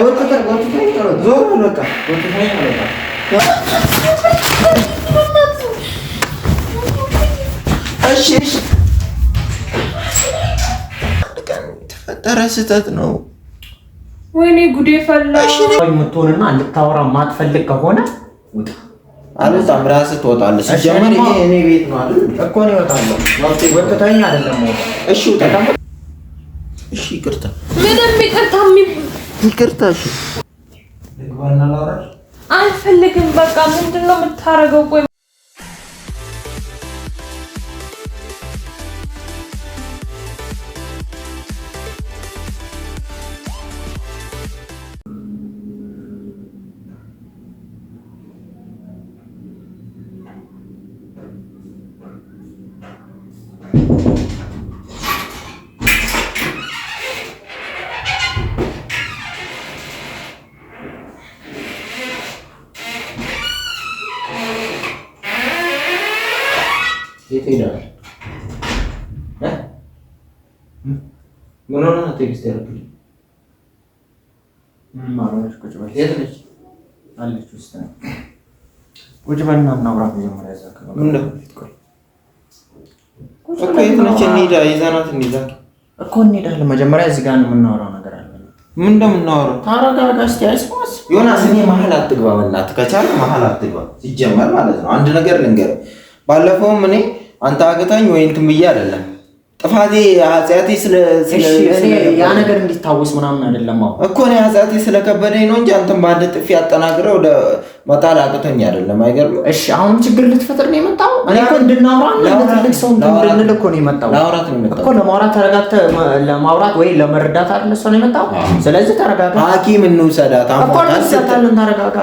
የተፈጠረ ስህተት ነው። ወይኔ ጉዴ ፈላ። የምትሆንና እንድታወራ ማትፈልግ ከሆነ ውጣ። አልወጣም። ራስህ ትወጣለህ። ሲጀመር ይሄ እኔ ቤት ነው አይደል እኮ ነው። እወጣለሁ። እሺ ይቅርታ። ምንም ይቅርታ ይቅርታሽ አልፈልግም። በቃ ምንድን ነው የምታደርገው? ቁጭ በልና እናውራ። መጀመሪያ መጀመሪያ እዚህ ጋር የምናወራው ነገር አለ። ምን እንደምናወራው ታረጋጋ። እስኪ አይስማስ ዮናስ፣ እኔ መሀል አትግባ፣ በእናትህ መሀል አትግባ። ሲጀመር ማለት ነው አንድ ነገር ልንገርህ። ባለፈውም እኔ አንተ አገታኝ ወይ እንትን ብዬ አይደለም ጥፋቴ ኃጢአቴ ያ ነገር እንዲታወስ ምናምን አይደለም እኮ እኔ ኃጢአቴ ስለከበደኝ ነው እንጂ አንተም በአንድ ጥፊ አጠናግረህ ወደ መጣል አቅተኝ አይደለም። አይገርምም? እሺ አሁን ችግር ልትፈጥር ነው የመጣው? እኔ እኮ እንድናወራ ትልቅ ሰው እንድንል እኮ ነው የመጣው። ለማውራት ነው የመጣው እኮ ለማውራት ተረጋግተህ ለማውራት ወይ ለመርዳት አይደለ ሰው ነው የመጣው። ስለዚህ ተረጋጋ። ሐኪም እንውሰዳት እኮ እንሰዳለን። ተረጋጋ።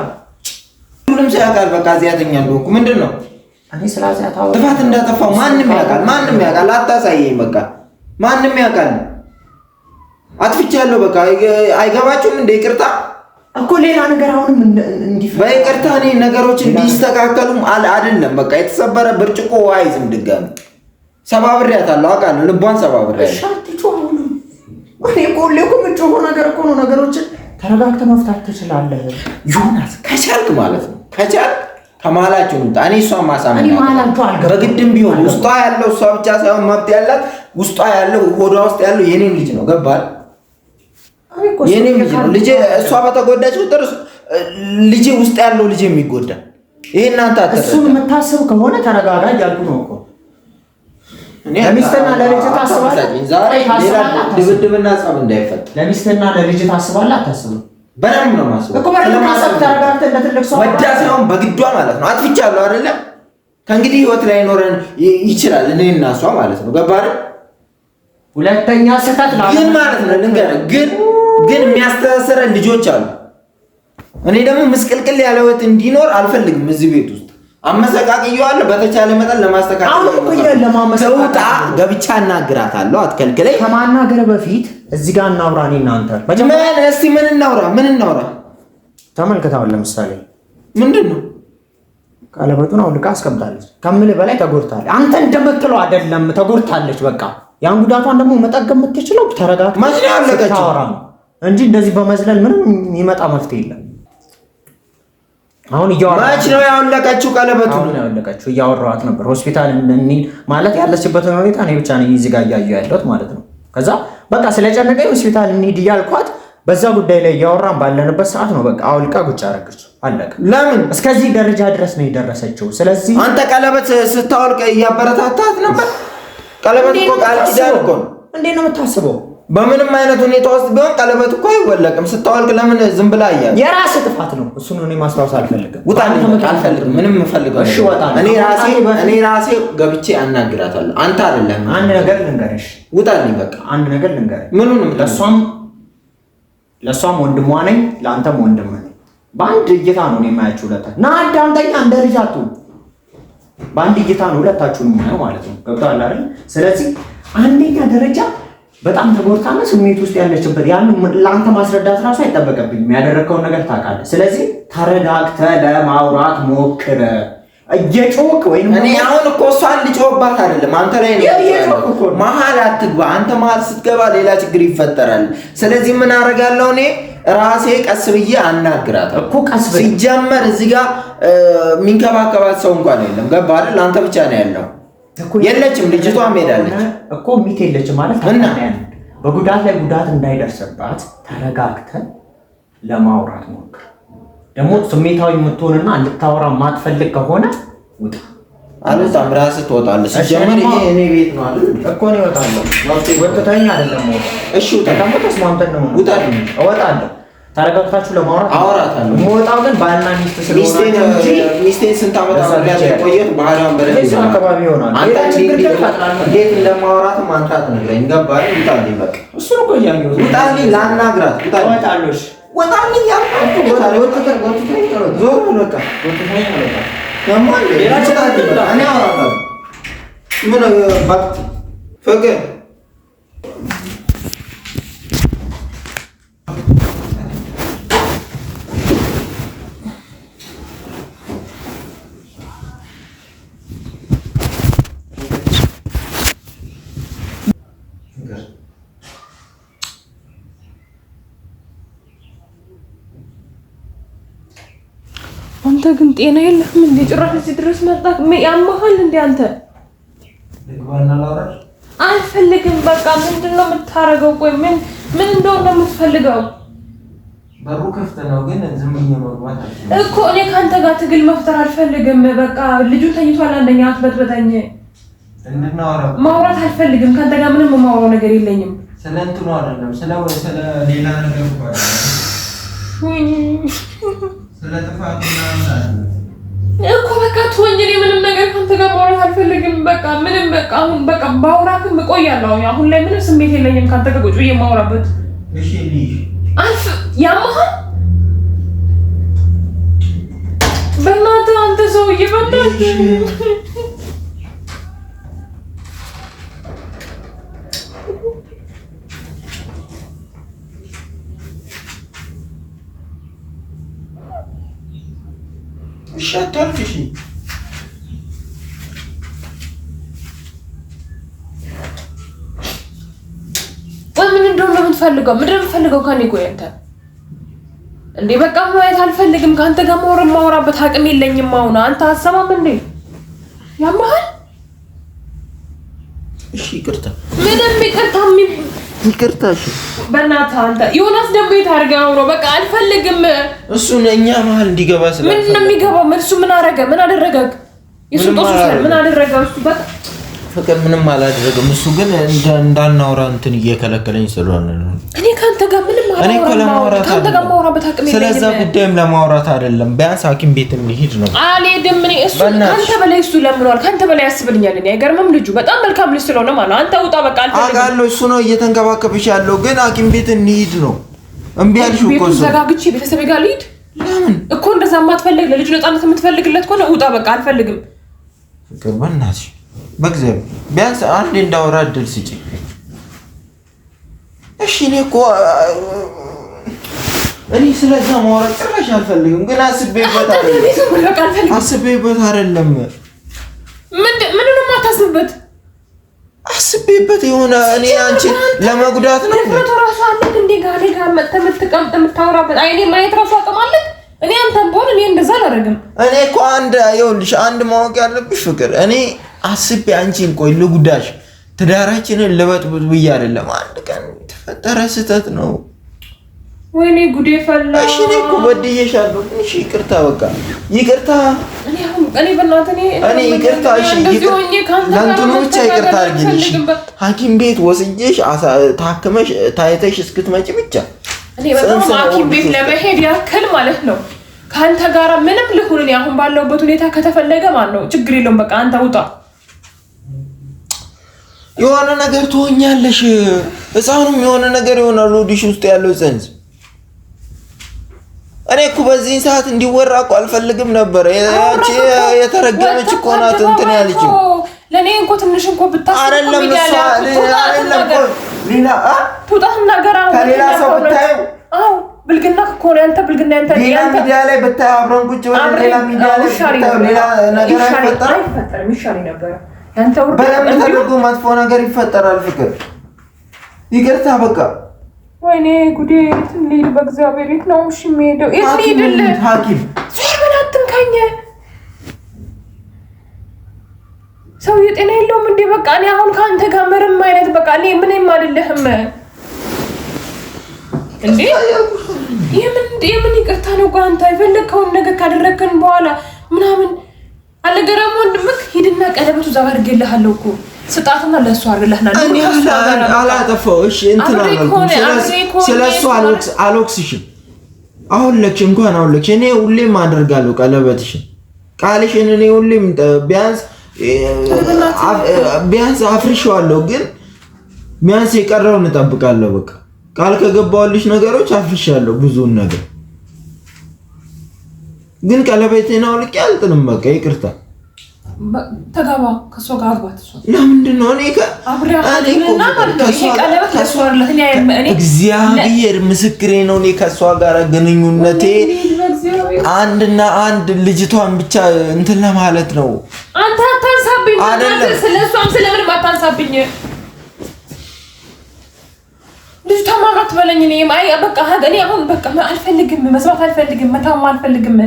ሁሉም ሰው ያውቃል። በቃ ኃጢአተኛ እንደሆንኩ ምንድን ነው ጥፋት እንዳጠፋው ማንም ያውቃል። ማንም ያውቃል። አታሳየኝ። በቃ ማንም ያውቃል። አጥፍቻለሁ። በቃ አይገባችሁም እንደ ይቅርታ እኮ ሌላ ነገር አሁንም በይቅርታ እኔ ነገሮች እንዲስተካከሉም አይደለም። በቃ የተሰበረ ብርጭቆ አይዝም። ድጋሚ ሰባብሬያታለሁ፣ አውቃለሁ። ልቧን ሰባብሬያለሁ። ነገር እኮ ነው። ነገሮችን ተረጋግተህ መፍታት ትችላለህ ዮናስ፣ ከቻልክ ማለት ነው ከቻልክ ከመሀላችሁ ምጣ። እኔ እሷ ማሳመን በግድም ቢሆን ውስጧ ያለው እሷ ብቻ ሳይሆን መብት ያላት ውስጧ ያለው ሆዷ ውስጥ ያለው የኔም ልጅ ነው። ገባል የኔም ልጅ ነው። ልጄ እሷ በተጎዳች ቁጥር ልጄ ውስጥ ያለው ልጄ የሚጎዳ ይሄን አንተ አትረዳ። እሱን የምታስብ ከሆነ ተረጋጋ እያልኩ ነው እኮ ለሚስትና ለልጅ ታስባለህ። ዛሬ ሌላ ድብድብና ጸብ እንዳይፈጥ ለሚስትና ለልጅ ታስባለህ አታስብም? በደንብ ነው ማስበው እኮ ወዳት በግዷ ማለት ነው። አጥፍቻለሁ አይደለ? ከእንግዲህ ህይወት ላይ ኖረን ይችላል እኔ እና እሷ ማለት ነው። ገባ ሁለተኛ ስህተት ነው ግን ማለት ነው። ልንገርህ ግን ግን የሚያስተሳሰረን ልጆች አሉ። እኔ ደግሞ ምስቅልቅል ያለ ህይወት እንዲኖር አልፈልግም እዚህ ቤት ውስጥ አመሰቃቅየዋለሁ በተቻለ መጠን ለማስተካከል አሁን እኮ ይሄን ለማመሰቃቀል ገብቻ እናግራታለሁ። አትከልክለኝ። ከማናገር በፊት እዚህ ጋር እናውራ። እኔ እናንተ መጀመሪያ እስቲ ምን እናውራ? ምን እናውራ? ተመልክተዋል። ለምሳሌ ምንድን ነው ቀለበቱን አውልቃ አስቀምጣለች። ከምልህ በላይ ተጎድታለች። አንተ እንደምትለው አይደለም፣ ተጎድታለች። በቃ ያን ጉዳቷን ደግሞ መጠገም የምትችለው ተረጋግተህ መዝለል አለቀችው እንጂ እንደዚህ በመዝለል ምንም የሚመጣ መፍትሄ የለም። አሁን እያወራች ነው ያወለቀችው ቀለበቱ ነው ያወለቀችው። እያወራኋት ነበር ሆስፒታል እንሂድ ማለት ያለችበትን ሁኔታ እኔ ብቻ ነኝ እዚህ ጋር እያየሁ ያለሁት ማለት ነው። ከዛ በቃ ስለጨነቀኝ ሆስፒታል እንሂድ እያልኳት በዛ ጉዳይ ላይ እያወራን ባለንበት ሰዓት ነው በቃ አውልቃ ጉጭ አደረገች። አለቀ። ለምን እስከዚህ ደረጃ ድረስ ነው የደረሰችው? ስለዚህ አንተ ቀለበት ስታወልቅ እያበረታታት ነበር። ቀለበት እኮ ቃል ኪዳን እኮ እንዴት ነው የምታስበው? በምንም አይነት ሁኔታ ውስጥ ቢሆን ቀለበት እኮ አይወለቅም። ስታወልቅ ለምን ዝም ብላ እያለ የራስ ጥፋት ነው። እሱን እኔ ማስታወስ አልፈልግም። ውጣ፣ አልፈልግም። ምንም እፈልገው እሺ፣ ወጣ። እኔ ራሴ ገብቼ አናግራታለሁ። አንተ አይደለም። አንድ ነገር ልንገርሽ፣ ውጣ። በቃ አንድ ነገር ልንገርሽ። ምኑን? ለእሷም ለእሷም ወንድሟ ነኝ፣ ለአንተም ወንድም ነኝ። በአንድ እይታ ነው የማያችሁ ሁለታችሁ። ና አዳምጠኛ፣ እንደ ልጅ አትሁን። በአንድ እይታ ነው ሁለታችሁን የማየው ማለት ነው። ገብቶሃል አይደል? ስለዚህ አንደኛ ደረጃ በጣም ተጎድታና ስሜት ውስጥ ያለችበት ያን ለአንተ ማስረዳት ራሱ አይጠበቅብኝም። ያደረግከውን ነገር ታውቃለህ። ስለዚህ ተረጋግተህ ለማውራት ሞክረ እየጮክ ወይም እኔ አሁን እኮ እሷን ልጮህባት አይደለም አንተ ላይ መሀል አትግባ። አንተ መሀል ስትገባ ሌላ ችግር ይፈጠራል። ስለዚህ ምን አደርጋለሁ እኔ ራሴ ቀስ ብዬ አናግራት እኮ ቀስ ሲጀመር እዚህ ጋር የሚንከባከባት ሰው እንኳን የለም። ገባ አይደል? አንተ ብቻ ነው ያለው የለችም ልጅቷ ሄዳለች እኮ ሚት የለችም ማለት እና በጉዳት ላይ ጉዳት እንዳይደርስባት ተረጋግተን ለማውራት ሞክር። ደግሞ ስሜታዊ የምትሆንና እንድታወራ ማትፈልግ ከሆነ ውጣ። አልወጣም፣ ራስህ ትወጣለህ። ሲጀመር ይሄ እኔ ቤት ነው አይደል እኮ ነው። እወጣለሁ። ወጥተኸኝ አይደለም። እሺ ውጣ። ተስማምተን ነው። ውጣ። እወጣለሁ ተረጋግታችሁ ለማውራት አወራታለሁ። የምወጣው ግን ባልና ሚስት ስለሆነ ሚስቴን ስንት ዓመት አብሬያት የቆየሁት ባህሪዋን በደንብ አካባቢ ይሆናል። አንተ እንዴት እንደማውራት ማንታት ነግረኝ። ገባህ? ውጣልኝ፣ በቃ እሱ ነው ቆያለሁ። ውጣልኝ፣ ላናግራት። ውጣልኝ፣ ወጣልኝ። ምን ፍቅር አንተ ግን ጤና የለህም እንዴ? ጭራሽ እዚህ ድረስ መጣ። ያመሃል እንዴ አንተ? አልፈልግም። በቃ ምንድን ነው የምታረገው? ቆይ ምን ምን እንደሆነ የምትፈልገው? በሩ ክፍት ነው ግን ዝም ብዬ መግባት እኮ እኔ ከአንተ ጋር ትግል መፍጠር አልፈልግም። በቃ ልጁ ተኝቷል። አንደኛ አትበጥበጠኝ። ማውራት አልፈልግም። ከአንተ ጋር ምንም የማውራው ነገር የለኝም። ስለ እንትኑ አይደለም ስለ ስለ ሌላ ነገር ስለ ጥፋቱ እኮ በቃ እኔ ምንም ነገር ከአንተ ጋር ማውራት አልፈልግም። በቃ ምንም በቃ አሁን በቃ ባውራትም እቆያለሁ። አሁን ላይ ምንም ስሜት የለኝም ከአንተ ጋር ቁጭ ብዬ የማውራበት። አልፍ በእናትህ አንተ ሰውዬ በእናትህ የምፈልገው ምንድን ነው የምፈልገው? ከኔ ቆይ አንተ እንዴ በቃ ማየት አልፈልግም። ከአንተ ጋር ማውራ ማውራበት አቅም የለኝም። አሁን አንተ አሰማም እንዴ ያማል። እሺ ይቅርታ፣ ምንም ይቅርታ፣ ይቅርታ። እሺ በእናትህ አንተ ዮናስ ደግሞ የታርጋ አውሮ በቃ አልፈልግም። እሱን እኛ መሀል እንዲገባ ስለ ምንድን ነው የሚገባው? እሱ ምን አደረገ? ምን አደረገ? የሱ ጦሱ ምን አደረገ? እሱ በቃ ፍቅር ምንም አላደረግም። እሱ ግን እንዳናወራ እንትን እየከለከለኝ ስለሆነ ነው። እኔ ከአንተ ጋር ምንም እኔ ስለዛ ጉዳይም ለማውራት አይደለም። ቢያንስ ሐኪም ቤት እንሂድ ነው። አልሄድም። እኔ እሱ ከአንተ በላይ እሱ ለምኗል። ከአንተ በላይ ያስብልኛል። እኔ አይገርምም። ልጁ በጣም መልካም ልጅ ስለሆነ ማለት አንተ ውጣ፣ በቃ አውቃለሁ። እሱ ነው እየተንከባከብሽ ያለው። ግን ሐኪም ቤት እንሂድ ነው። እምቢ አልሽው እኮ እሱ ዘጋግቼ ቤተሰቤ ጋር ልሂድ ለምን እኮ እንደዛ የማትፈልግ ለልጁ ነፃነት የምትፈልግለት ከሆነ ውጣ፣ በቃ አልፈልግም። ፍቅር በእናትሽ በእግዚአብሔር ቢያንስ አንድ እንዳወራ እድል ስጪኝ። እሺ እኔ እኮ እኔ ስለዛ ማውራት ጭራሽ አልፈልግም፣ ግን አስቤበት አይደለም አስቤበት አይደለም። ምን ነው የማታስብበት? አስቤበት የሆነ እኔ አንቺ ለመጉዳት ነው ነው ራሱ አንተ እንደ ጋር ጋር መጥተህ የምትቀምጥ የምታወራበት አይኔ ማየት ራሱ አቅም አለህ። እኔ አንተ ብሆን እኔ እንደዛ አላደርግም። እኔ እኮ አንድ ይኸውልሽ፣ አንድ ማወቅ ያለብሽ ፍቅር እኔ አስቤ አንቺን ቆይ ልጉዳሽ፣ ትዳራችንን ልበጥብጥ ብዬ አይደለም። አንድ ቀን የተፈጠረ ስህተት ነው። ወይኔ ጉዴ ፈላ። እሺ እኔ እኮ በድዬሻለሁ። እሺ ይቅርታ፣ በቃ ይቅርታ። እኔ ይቅርታ። እሺ ለእንትኑ ብቻ ይቅርታ አድርጊልሽ። ሐኪም ቤት ወስጄሽ ታክመሽ ታይተሽ እስክትመጪ ብቻ እኔ ሐኪም ቤት ለመሄድ ያክል ማለት ነው። ከአንተ ጋራ ምንም ልሁን እኔ አሁን ባለሁበት ሁኔታ ከተፈለገ ማን ነው ችግር የለውም። በቃ አንተ ውጣ የሆነ ነገር ትሆኛለሽ። ህፃኑም የሆነ ነገር ይሆናል። ሆድሽ ውስጥ ያለው ዘንዝ እኔ እኮ በዚህን ሰዓት እንዲወራ እኮ አልፈልግም ነበር። የተረገመች እኮ ናት እንትን ያለችው ለእኔ እኮ ትንሽ እኮ ከሌላ ሰው ብልግና እኮ ነው ያንተ ብልግና። ያንተ ሌላ ሚዲያ ላይ አብረን ቁጭ ብለን ሌላ ሚዲያ ላይ ሌላ ነገር አይፈጠርም። ነበረ በደንብ ተደርጎ መጥፎ ነገር ይፈጠራል። ፍቅር ይቅርታ፣ በቃ ወይኔ ጉዴ፣ የት እንሂድ? በእግዚአብሔር የት ነው እሺ የምሄደው? የት እንሂድልህ? ሐኪም ዞር አትንካኝ። ሰውዬ ጤና የለውም እንዴ? በቃ እኔ አሁን ከአንተ ጋር ምንም አይነት በቃ እኔ ምንም አይደለህም እንዴ። የምን ይቅርታ ነው? አንተ የፈለግከውን ነገር ካደረግከን በኋላ ምናምን አልነገረም። ወንድምህ ሂድና ቀለበቱ እዛ አድርጌልሃለሁ እኮ ስጣትና ለእሱ አድርግልህና አላጠፋው። እሺ እንትን ስለሱ አልወቅስሽም። አሁን ለክሽ እንኳን አሁን ለክሽ እኔ ሁሌም አደርጋለሁ ቀለበትሽን፣ ቃልሽን እኔ ሁሌም ቢያንስ ቢያንስ ግን ቢያንስ የቀረውን እጠብቃለሁ። በቃ ቃል ከገባሁልሽ ነገሮች አፍርሻለሁ ብዙውን ነገር ግን ቀለበቴን አውልቄ አልጥልም። በቃ ይቅርታ፣ ተጋባ ከእሷ ጋር አግባት። ለምንድን ነው እኔ እግዚአብሔር ምስክሬ ነው። እኔ ከእሷ ጋር ግንኙነቴ አንድና አንድ ልጅቷን ብቻ እንትን ለማለት ነው። አንተ አታንሳብኝ፣ አይደለም ስለእሷም ስለምንም አታንሳብኝ። ልጅቷ ማውራት በለኝ። እኔ በቃ እኔ አሁን በቃ አልፈልግም፣ መስማት አልፈልግም፣ መታማ አልፈልግም።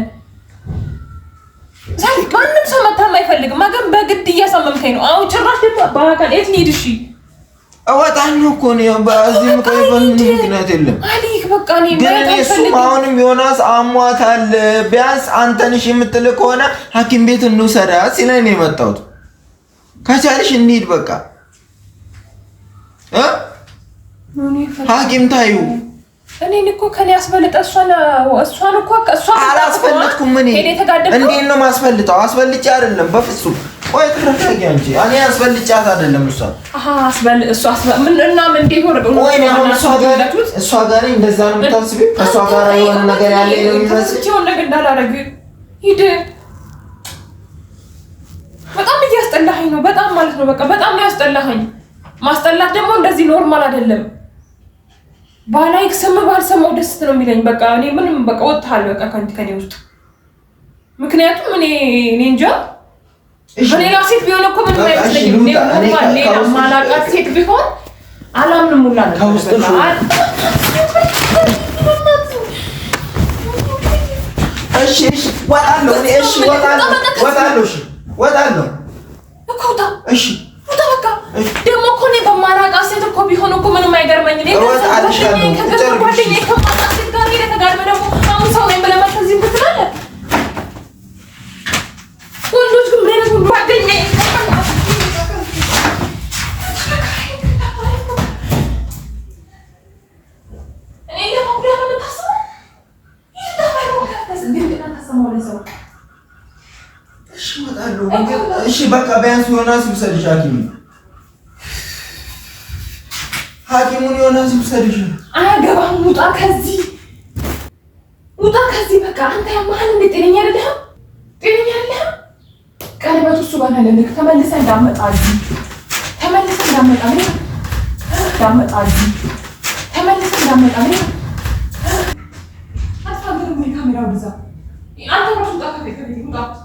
ማንም ሰው መታም አይፈልግም። ግን በግድ እያሳመምከኝ ነው። አሁን ጭራሽ ደግሞ በአካል የት እንሂድ? እሺ እወጣለሁ እኮ ነው። በዚህ ምንም ምክንያት የለም። ግን እሱም አሁንም ዮናስ አሟታል። ቢያንስ አንተንሽ የምትል ከሆነ ሐኪም ቤት እንውሰዳ ሲለኝ ነው የመጣሁት። ከቻልሽ እንሂድ በቃ ሐኪም ታዩ እኔን እኮ ከኔ አስበልጠ እሷን እሷን እኮ እሷን አላስፈልጥኩም። እኔ እንዴት ነው ማስፈልጠው? አስበልጬ አይደለም በፍጹም። ቆይ ትረጋጊ አንቺ። እኔ አስበልጫት አይደለም እሷ አስበል እሷ ምን እና ምን እንዴት ነው ደግሞ? እሷ ጋር እሷ ጋር እንደዛ ነው የምታስቢው? ከእሷ ጋር የሆነ ነገር ያለ ነው የሚመስል የሆነ ነገር እንዳላረግ ሂድ። በጣም እያስጠላኸኝ ነው። በጣም ማለት ነው በቃ በጣም ያስጠላኸኝ። ማስጠላት ደግሞ እንደዚህ ኖርማል አይደለም። ባላይ ስም ባልሰማው ደስ ነው የሚለኝ። በቃ እኔ ምንም በቃ ወጥታል በቃ ከንት ከኔ ውስጥ ምክንያቱም እኔ እኔ እንጃ በሌላ ሴት ቢሆን እኮ ምንም አይመስለኝም። ሌላ ማላቃት ሴት ቢሆን አላምንም ሁላ ነው እሺ ደግሞ እኮ እኔ በማላውቃት ሴት እኮ ቢሆን እኮ ምንም አይገርመኝ። ዮናስ ይውሰድሽ ሐኪሙን ሐኪሙን ዮናስ ይውሰድሽ። አያገባም። ውጣ ከዚህ ውጣ ከዚህ በቃ አንተ ያመሃል እንዴ? ጤነኛ አይደለህም። ጤነኛ አይደለህም። ቀለበቱ እሱ ጋር ነው እንዳመጣ እዚህ ተመልሰህ እንዳመጣ ምን እንዳመጣ እዚህ ተመልሰህ እንዳመጣ ምን አትፋገር። ካሜራው ብዛ አንተ ራሱ ውጣ ከቤት ውጣ